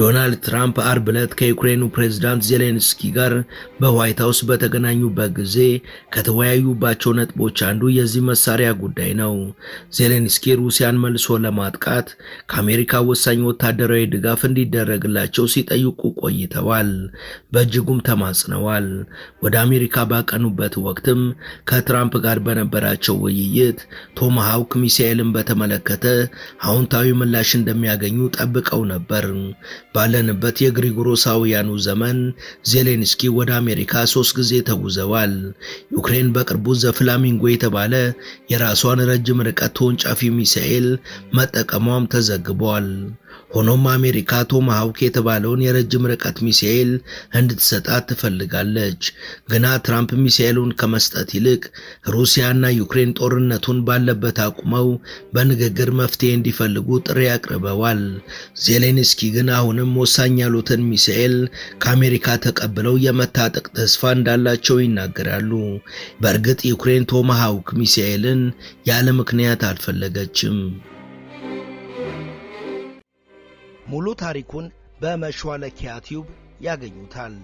ዶናልድ ትራምፕ አርብ ዕለት ከዩክሬኑ ፕሬዝዳንት ዜሌንስኪ ጋር በዋይት ሀውስ በተገናኙበት ጊዜ ከተወያዩባቸው ነጥቦች አንዱ የዚህ መሳሪያ ጉዳይ ነው። ዜሌንስኪ ሩሲያን መልሶ ለማጥቃት ከአሜሪካ ወሳኝ ወታደራዊ ድጋፍ እንዲደረግላቸው ሲጠይቁ ቆይተዋል። በእጅጉም ተማጽነዋል። ወደ አሜሪካ ባቀኑበት ወቅትም ከትራምፕ ጋር በነበራቸው ውይይት ቶማሃውክ ሚሳኤልን በተመለከተ አዎንታዊ ምላሽ እንደሚያገኙ ጠብቀው ነበር። ባለንበት የግሪጎሮሳውያኑ ዘመን ዜሌንስኪ ወደ አሜሪካ ሶስት ጊዜ ተጉዘዋል። ዩክሬን በቅርቡ ዘፍላሚንጎ የተባለ የራሷን ረጅም ርቀት ተወንጫፊ ሚሳኤል መጠቀሟም ተዘግቧል። ሆኖም አሜሪካ ቶማሃውክ የተባለውን የረጅም ርቀት ሚሳኤል እንድትሰጣት ትፈልጋለች። ግና ትራምፕ ሚሳኤሉን ከመስጠት ይልቅ ሩሲያና ዩክሬን ጦርነቱን ባለበት አቁመው በንግግር መፍትሄ እንዲፈልጉ ጥሪ አቅርበዋል። ዜሌንስኪ ግን አሁንም ወሳኝ ያሉትን ሚሳኤል ከአሜሪካ ተቀብለው የመታጠቅ ተስፋ እንዳላቸው ይናገራሉ። በእርግጥ ዩክሬን ቶማሃውክ ሚሳኤልን ያለ ምክንያት አልፈለገችም። ሙሉ ታሪኩን በመሿለኪያ ቲዩብ ያገኙታል።